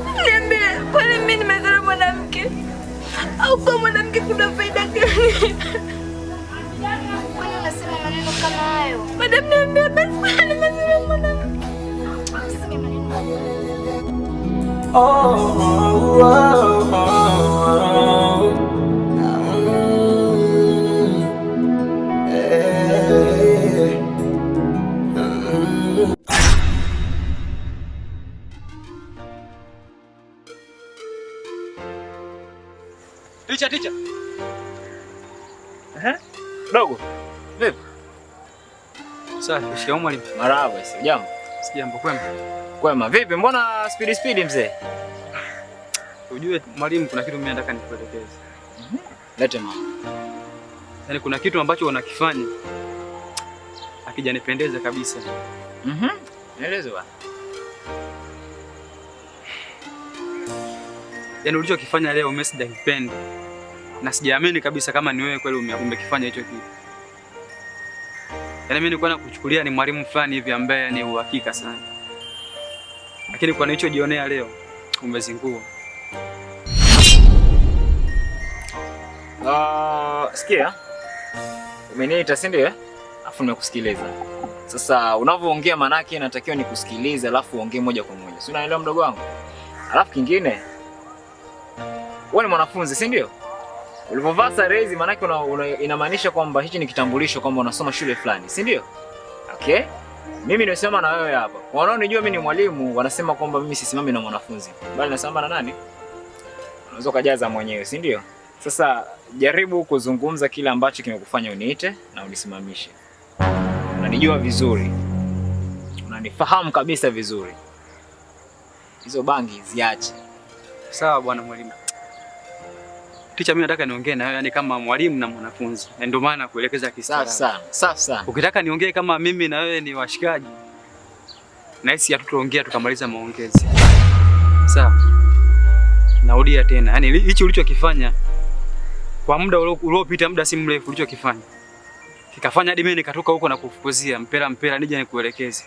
Niambie, kwani mimi nimezaa mwanamke au kwa mwanamke kuna faida gani? Kwani unasema maneno kama hayo? Madam, niambie basi kwani nimezaa mwanamke. Oh, oh, oh, oh, oh. ticha. Eh? Dogo. Vipi? Safi, shikamoo mwalimu. Marahaba, sijambo. Sijambo, kwema. Kwema. Vipi? Mbona spidi spidi mzee? Ujue mwalimu, kuna kitu mimi nataka nikuelekeze. Mhm. Lete mama. Yaani kuna kitu ambacho wanakifanya akijanipendeza kabisa. Mhm. Nieleze bwana. Yaani ulichokifanya leo mimi sijakipendi na sijaamini kabisa kama ni wewe kweli umekifanya hicho kitu. Yaani mimi nilikuwa nakuchukulia ni mwalimu fulani hivi ambaye ni uhakika sana, lakini kwa jionea leo umezingua. Uh, sikia, umeniita si ndio? Afu nimekusikiliza. Sasa unavyoongea, maanake natakiwa nikusikilize, alafu uongee moja kwa moja, si unaelewa mdogo wangu? Alafu kingine, wewe ni mwanafunzi si ndio? Ulipovaa sare hizi maanake inamaanisha kwamba hichi ni kitambulisho kwamba unasoma shule fulani, si ndio? Okay. Mimi nimesema na wewe hapa. Wanaonijua mimi ni mwalimu wanasema kwamba mimi sisimami na mwanafunzi, bali nasimama na nani? Unaweza kujaza mwenyewe, si ndio? Sasa jaribu kuzungumza kile ambacho kimekufanya uniite na unisimamishe. Unanijua vizuri, unanifahamu kabisa vizuri. Hizo bangi ziache. Sawa bwana mwalimu picha mimi nataka niongee na wewe yani kama mwalimu na mwanafunzi. Na Ndio maana kuelekeza kistaarabu. Sawa sawa sawa. Ukitaka niongee kama mimi na wewe ni washikaji. Na hisi hatutaongea tukamaliza maongezi. Sawa. Naudia tena. Yaani hichi ulichokifanya kwa muda uliopita muda si mrefu ulichokifanya kikafanya hadi mimi nikatoka huko na kufukuzia mpera mpera, nije nikuelekeze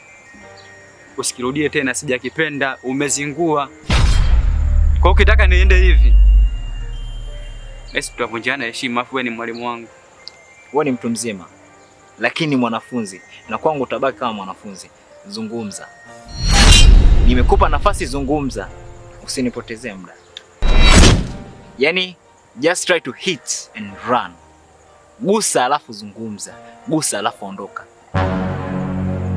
usikirudie tena, sijakipenda, umezingua. Kwa ukitaka niende hivi Esi tutavunjana heshima, afu wewe ni mwalimu wangu. Wewe ni mtu mzima lakini mwanafunzi, na kwangu utabaki kama mwanafunzi. Zungumza, nimekupa nafasi, zungumza, usinipotezee muda. Yani just try to hit and run. Gusa alafu zungumza, gusa alafu ondoka.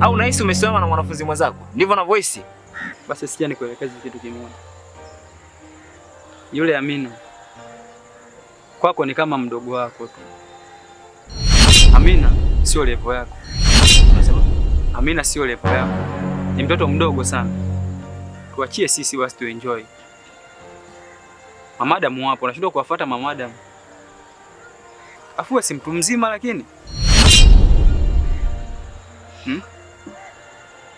Au nahisi umesimama na mwanafunzi mwenzako, ndivyo voice? Basi sikia nikuelekeze kitu kimoja, yule Amina kwako ni kama mdogo wako tu. Amina sio levo yako. Amina sio levo yako, ni mtoto mdogo sana. Tuachie sisi basi tu enjoy. Mamadamu wapo, unashindwa kuwafuata mamadamu. Afu si mtu mzima lakini hmm?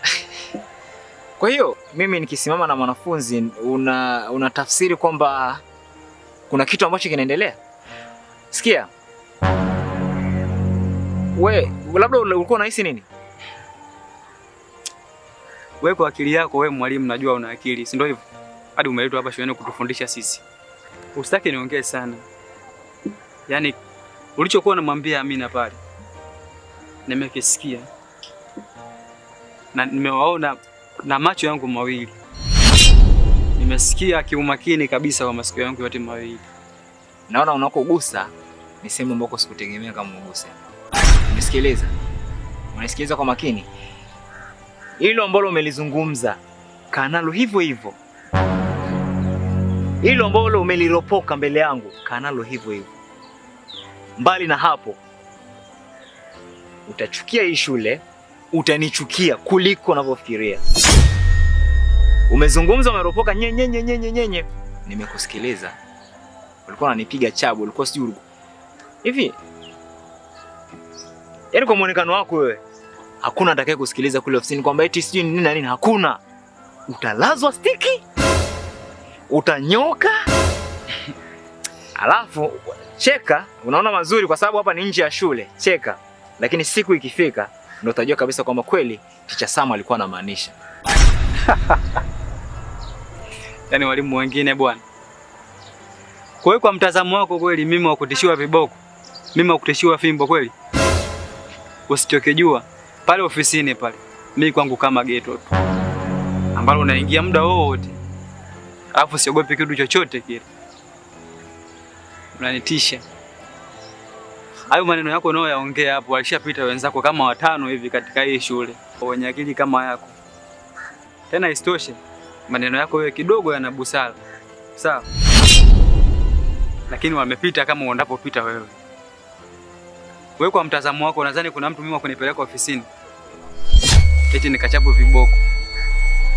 Kwa hiyo mimi nikisimama na mwanafunzi una, una tafsiri kwamba kuna kitu ambacho kinaendelea? Sikia we, labda ulikuwa unahisi nini? We kwa akili yako we mwalimu, najua una akili, si ndio hivyo? Hadi umeletwa hapa shuleni kutufundisha sisi. Usitaki niongee sana, yaani ulichokuwa unamwambia Amina pale nimekisikia na nimewaona na macho yangu mawili, nimesikia kiumakini kabisa kwa masikio yangu yote mawili, naona unakogusa ni sehemu ambako sikutegemea kama uguse. Unisikiliza? Unisikiliza kwa makini. Hilo ambalo umelizungumza kanalo hivyo hivyo, hilo ambalo umeliropoka mbele yangu kanalo hivyo hivyo. Mbali na hapo, utachukia hii shule, utanichukia kuliko unavyofikiria. Umezungumza, umeropoka nyenye nyenye nyenye nyenye, nimekusikiliza. Ulikuwa unanipiga chabu, ulikuwa sijui Hivi yaani, kwa muonekano wako wewe, hakuna atakaye kusikiliza kule ofisini kwamba eti sijui nini na nini. Hakuna, utalazwa stiki, utanyoka alafu cheka. Unaona mazuri, kwa sababu hapa ni nje ya shule. Cheka, lakini siku ikifika ndio utajua kabisa kwamba kweli ticha Samu alikuwa anamaanisha. Yaani walimu wengine bwana. Kwa hiyo kwa mtazamo wako kweli mimi wa kutishiwa viboko mimi wakutishiwa fimbo kweli? Usitoke jua pale ofisini pale, mimi kwangu kama geto tu ambalo unaingia muda wowote, alafu siogope kitu chochote kile. Unanitisha hayo maneno yako yaongea hapo, walishapita wenzako kama watano hivi katika hii shule wenye akili kama yako. Tena isitoshe maneno yako wewe kidogo yana busara, sawa, lakini wamepita kama uendapopita wewe. Wewe kwa mtazamo wako nadhani kuna mtu mimi wa kunipeleka ofisini eti nikachapo viboko.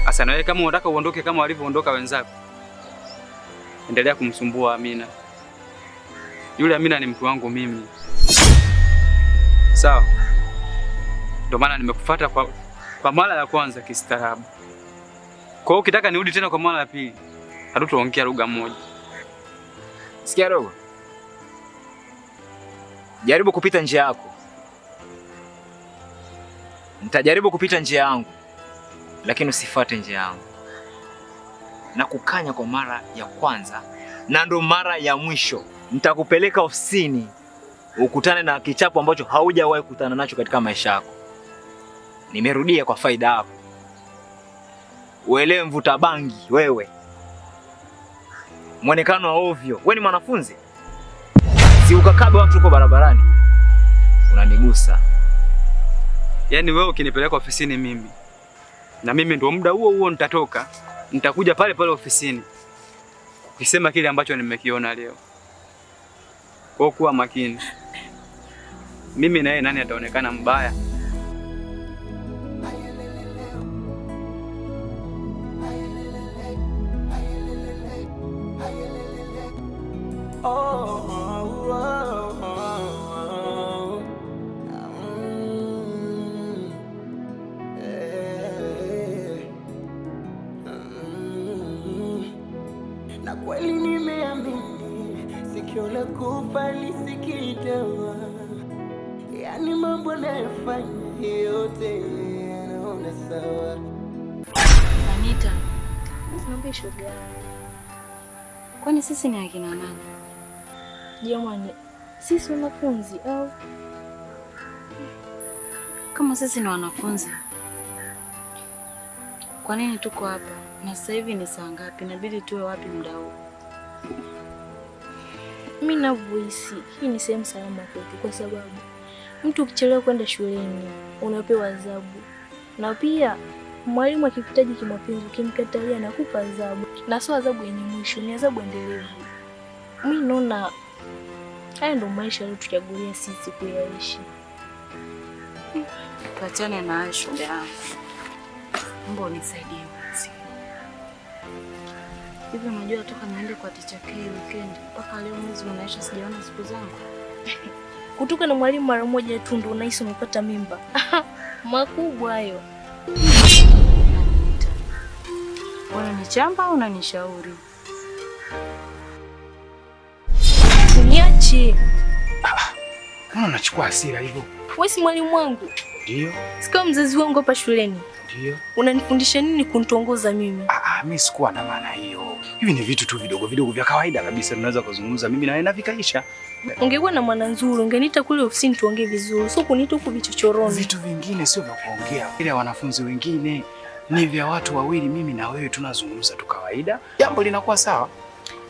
Asa na wewe kama unataka uondoke kama walivyoondoka wenzako, endelea kumsumbua Amina. Yule Amina ni mtu wangu mimi, sawa? Ndio maana nimekufuata kwa, kwa mara ya kwanza kistaarabu. Kwa hiyo ukitaka nirudi tena kwa mara ya pili, hatutaongea lugha moja. Sikia dogo jaribu kupita njia yako, nitajaribu kupita njia yangu, lakini usifuate njia yangu. Na kukanya kwa mara ya kwanza na ndo mara ya mwisho, nitakupeleka ofisini ukutane na kichapo ambacho haujawahi kukutana nacho katika maisha yako. Nimerudia kwa faida yako, uelewe. Mvuta bangi wewe, mwonekano wa ovyo. We ni mwanafunzi si ukakabe watu uko barabarani, unanigusa. Yaani wewe ukinipeleka ofisini mimi na mimi ndio muda huo huo nitatoka, nitakuja pale pale ofisini ukisema kile ambacho nimekiona leo. Kwa kuwa makini, mimi na yeye nani ataonekana mbaya? kufa lisikitawa, yani mambo nayofanya yote yanaona sawa. Anita, niambie shoga, kwani sisi ni akina nani jamani? Sisi wanafunzi au kama sisi ni wanafunzi, kwa nini tuko hapa na sasa hivi ni saa ngapi? Inabidi tuwe wapi muda huu? Mimi ninavyohisi hii ni sehemu salama kwetu, kwa sababu mtu ukichelewa kwenda shuleni unapewa adhabu, na pia mwalimu akikutaji kimapenzi ukimkatalia anakupa adhabu, na sio adhabu yenye mwisho, ni adhabu endelevu. mi naona haya ndo maisha aliyotuchagulia sisi kuyaishi. Tuachane na shule yangu, mbona unisaidie Hivi unajua toka niende kwa teacher K weekend mpaka leo mwezi unaisha sijaona siku zangu. Kutoka na mwalimu mara moja tu ndo unahisi umepata mimba. Makubwa hayo. chamba au unanishauri? Niache. Mbona unachukua hasira hivyo? Wewe si mwalimu wangu. Ndio. Sikuwa mzazi wangu hapa shuleni. Ndio. Unanifundisha nini kuntongoza mimi? Ah, ah, mimi sikuwa na maana hiyo hivi ni vitu tu vidogo vidogo vya kawaida kabisa, tunaweza kuzungumza mimi na wewe na vikaisha. Ungekuwa na mwana nzuri, ungeniita kule ofisini tuongee vizuri, sio kuniita huku vichochoroni. Vitu vingine sio vya kuongea, ile ya wanafunzi wengine ni vya watu wawili, mimi na wewe tunazungumza tu kawaida, jambo linakuwa sawa.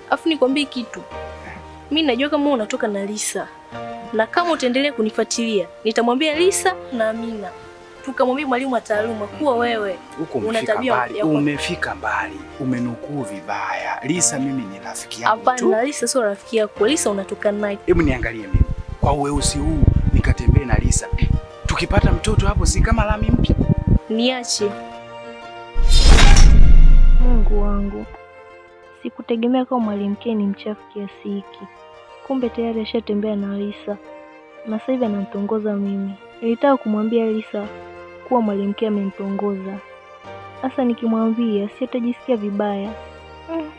Afu nikwambie kitu, mimi najua kama unatoka na Lisa, na kama utaendelea kunifuatilia nitamwambia Lisa na Amina tukamwambia mwalimu wa taaluma mm. kuwa wewe una tabia ya umefika mbali, umenukuu vibaya. Lisa mimi ni rafiki yako tu. Hapana, Lisa sio rafiki yako. Lisa unatokana naye. Hebu niangalie mimi kwa uweusi huu, nikatembee na Lisa, tukipata mtoto hapo, si kama lami mpya? Niache. Mungu wangu, sikutegemea kama mwalimu K ni mchafu kiasi hiki. Kumbe tayari ashatembea na Lisa na sasa hivi anamtongoza mimi. Nilitaka kumwambia Lisa kuwa mwalimke amemtongoza. Sasa nikimwambia si atajisikia vibaya. Mm,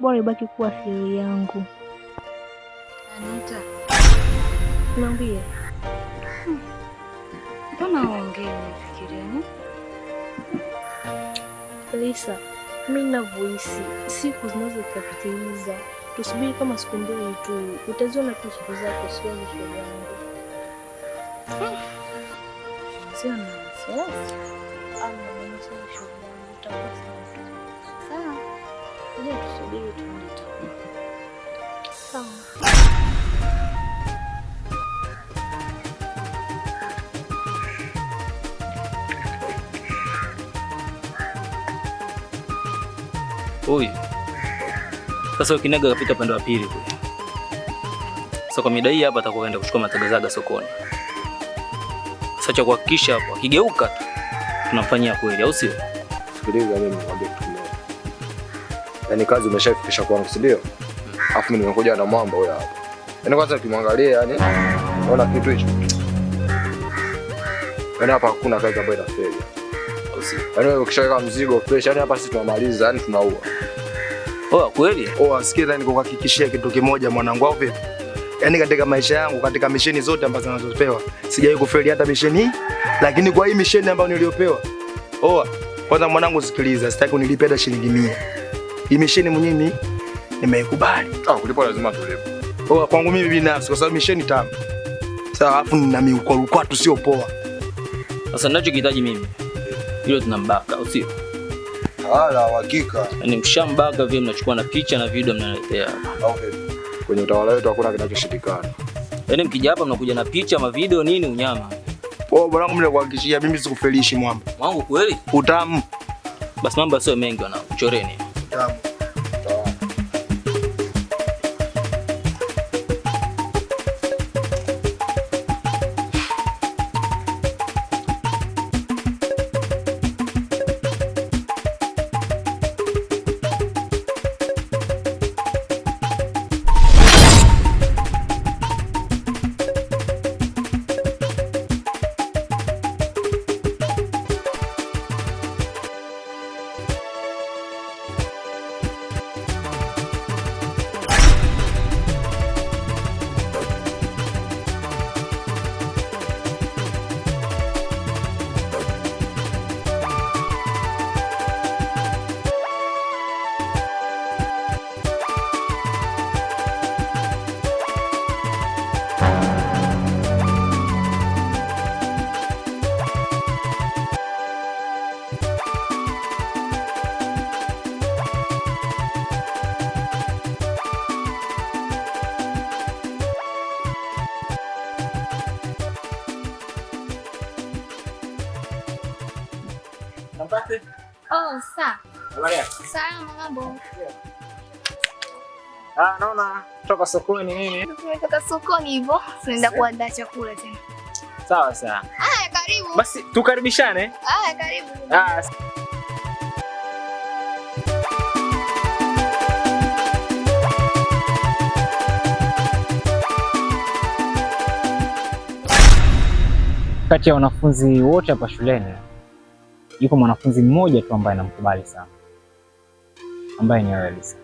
bora ibaki kuwa siri yangu. Anita, naambia mbona uongee nifikirini? Eh? Lisa, mi navyohisi siku zinaweza kapitiliza, tusubiri kama siku mbili tu, utaziona tu siku zako, siwezi Sio na wasiwasi au mwananchi shughuli Sawa, tusubiri tuone Sawa. Huyu sasa ukinaga kapita upande wa pili kule. Sasa kwa mida hii hapa atakuwa kaenda kuchukua matagazaga sokoni. Sasa cha kuhakikisha wakigeuka tu tunamfanyia kweli, au sio? Sikiliza mimi nikwambia kitu kimoja. Yaani kazi umeshafikisha kwangu, si ndio? Alafu mimi nimekuja na mwamba huyo hapa. Yaani kwanza ukimwangalia yani unaona kitu hicho. Yaani hapa hakuna kazi ambayo inafeli. Au sio? Yaani wewe ukishaweka mzigo fresh, yani hapa sisi tunamaliza, yani tunaua. Oh, kweli? Oh, sikia, nikuhakikishia yaani kitu kimoja mwanangu, au vipi? yani katika maisha yangu, katika misheni zote ambazo nazopewa sijawahi kufeli hata misheni hii, lakini kwa hii misheni ambayo niliopewa, oa oh, kwanza, mwanangu sikiliza, sitaki unilipe hata shilingi mia. Hii misheni mwenyewe nimeikubali. Ah, kulipa lazima tulipe. Oa oh, kwangu mimi binafsi, kwa sababu misheni tamu. Sawa, alafu nina miukwarukwatu sio poa. Sasa ninachokihitaji mimi hilo tunambaka, au sio? Ala, hakika. Ni yaani mshambaka vile mnachukua na picha na video mnaletea. Okay kwenye utawala wetu hakuna kinachoshindikana. Yaani mkija hapa mnakuja na picha, mavideo nini unyama. Oh, bwanangu mimi nakuhakikishia mimi sikufelishi mwamba. Mwangu kweli? Utamu. Basi mambo sio mengi wana. Choreni. Oh, saa. Habari Salama mambo. Ah, naona toka sokoni nini? Tumetoka sokoni hivyo, tunaenda kuandaa chakula tena. Sawa sawa. Haya, karibu. Basi tukaribishane. Haya, karibu. Ah. Kati ya wanafunzi wote hapa shuleni yuko mwanafunzi mmoja tu ambaye namkubali sana, ambaye ni wewe Lisa.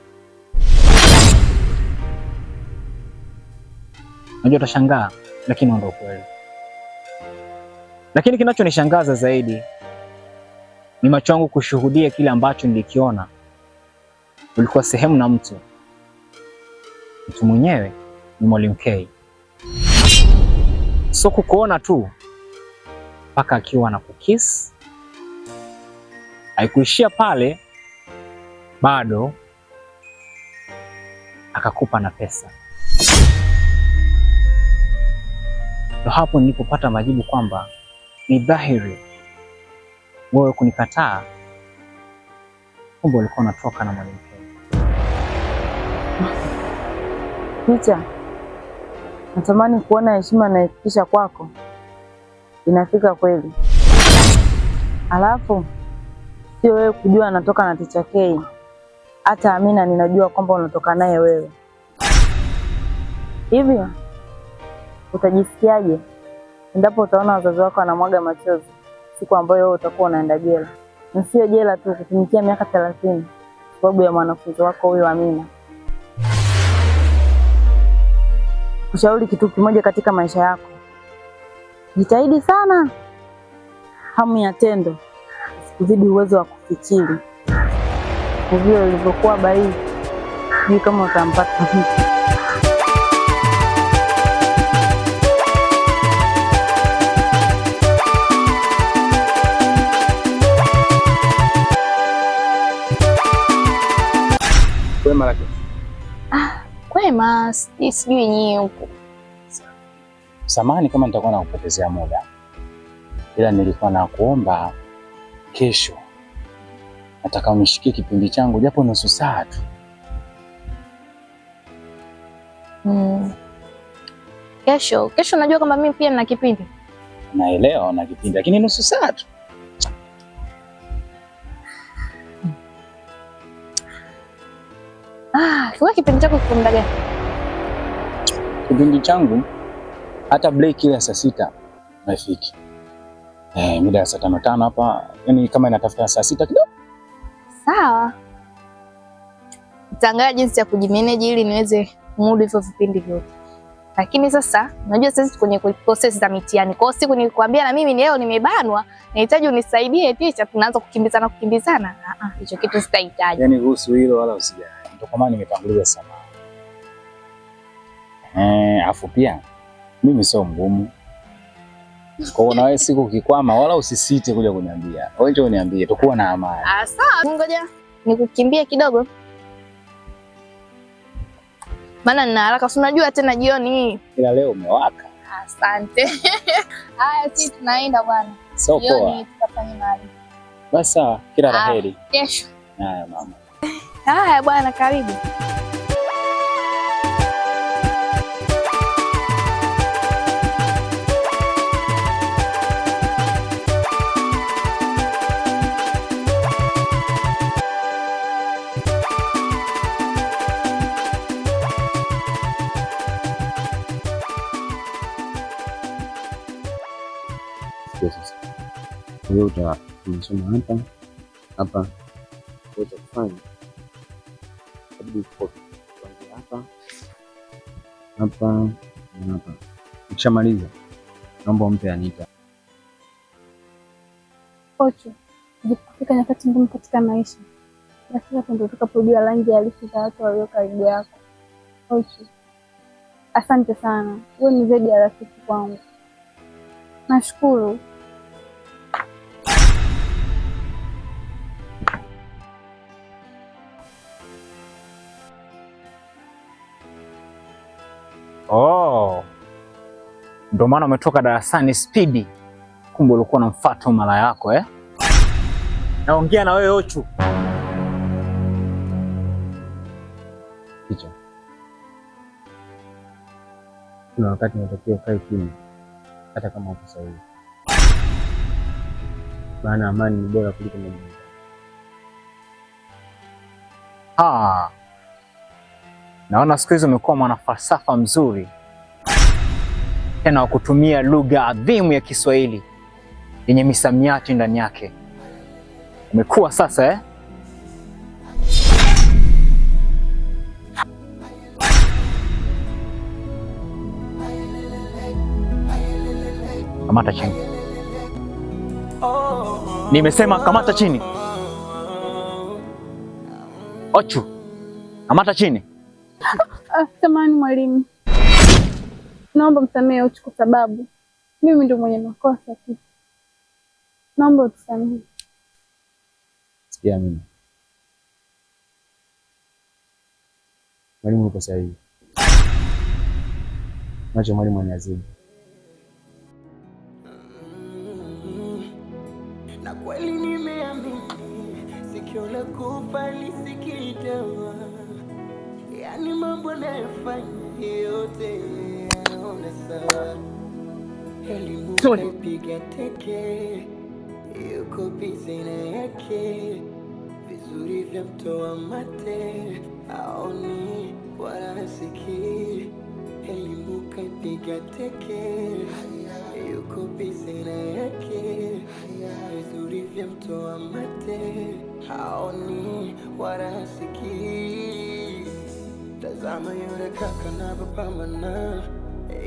Najua utashangaa, lakini ndio kweli. Lakini kinachonishangaza zaidi ni macho yangu kushuhudia kile ambacho nilikiona. Ulikuwa sehemu na mtu, mtu mwenyewe ni Mwalimu K. So kukuona tu mpaka akiwa na kukiss Haikuishia pale, bado akakupa na pesa. Ndo hapo nilipopata majibu kwamba ni dhahiri wewe kunikataa, kumbe ulikuwa unatoka na mwanamke. Picha natamani kuona heshima naifikisha kwako inafika kweli, alafu sio wewe kujua anatoka na Teacher K. Hata Amina ninajua kwamba unatoka naye wewe. Hivi utajisikiaje endapo utaona wazazi wako wanamwaga machozi siku ambayo wewe utakuwa unaenda jela, na sio jela tu, kutumikia miaka thelathini sababu ya mwanafunzi wako huyo Amina. Kushauri kitu kimoja katika maisha yako, jitahidi sana, hamu ya tendo kuzidi uwezo wa kufikiri. Uvile ulivyokuwa bahii, sijui kama utampata mtu. Kwema Ah, kwema sijui nyie huko. Samahani kama nitakuwa nakupotezea muda, ila nilikuwa nakuomba kesho nataka unishikie kipindi changu japo nusu saa tu. Mm. Kesho kesho, najua kwamba mimi pia nina kipindi, naelewa na kipindi, lakini nusu saa tu. Ah, kwa kipindi chako kiko muda gani? Kipindi changu hata break ile saa sita haifiki. Eh, mida ya saa tano tano hapa yani kama inatafuta saa sita kidogo. Sawa, tangaa jinsi ya kujimeneji ili niweze mudu hivyo vipindi vyote, lakini sasa unajua sasa kwenye process za mitihani. Kwa hiyo siku nilikwambia na mimi leo nimebanwa, nahitaji unisaidie teacher, tunaanza kukimbizana kukimbizana. Ah, hicho kitu sitahitaji. Yani ruhusu hilo, wala usijali, ndio kwa maana nimetanguliza sana. Eh, afu pia mimi sio mgumu kwa hiyo nawe siku ukikwama, wala usisite kuja kuniambia. wenje uniambie, tukuwa na amani. Ah, sawa. Ngoja nikukimbie kidogo, maana nina haraka, si unajua tena jioni. Ila leo umewaka. Asante. Haya, sisi tunaenda bwana. So jioni mali. Basi sawa, kila laheri. Ah, kesho. Haya mama. Haya bwana, karibu. hiyo unasoma hapa hapa, uweza kufanya hapa hapa na hapa. Ukishamaliza naomba mpe Anita. Ocho kufika nyakati ngumu katika maisha, lakini hapo ndio tukapojua rangi halisi za watu walio karibu yako. Ocho, asante sana, wewe ni zaidi ya rafiki kwangu. Nashukuru. Oh, ndio maana umetoka darasani spidi, kumbe ulikuwa unamfuata mara yako eh? Naongea na wewe Ochu. Kicho. Kuna wakati unatakiwa ukae kimya hata kama uko sahihi, maana amani ni bora kuliko majibu. Ah. Naona siku hizi umekuwa mwanafalsafa mzuri tena wa kutumia lugha adhimu ya Kiswahili yenye misamiati ndani yake. Umekuwa sasa eh? Kamata chini, nimesema kamata chini. Ochu, kamata chini. Samahani ah, mwalimu, naomba msamehe Uchi kwa sababu mimi ndio mwenye makosa tu, naomba utusamehe. Sikia mimi mwalimu, uko sahihi, macho mwalimu anazibu na kweli nimeamini sikio la kupali sikitao piga teke yuko bizina yake vizuri vya mtoa mate aoni wala sikii. Elimu kaipiga teke yuko bizina yake vizuri vya mtoa mate aoni wala sikii Tazama yule kaka anavyopambana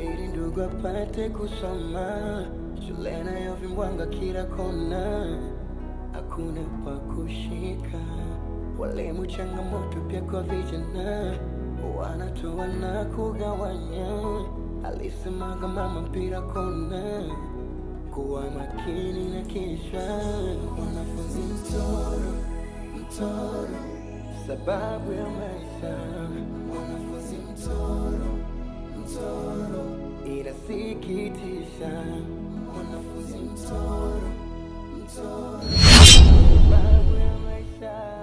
ili ndugu apate kusoma, shule inayovimbwanga kila kona, hakuna pa kushika. Walimu changamoto pia kwa vijana, wanatoa na kugawanya, alisemaga mama mpira kona, kuwa makini na kishwa wanafunzi mtoro mtoro, sababu ya mwanafunzi mtoro, mtoro inasikitisha, mwanafunzi mtoro, mtoro babu ya maisha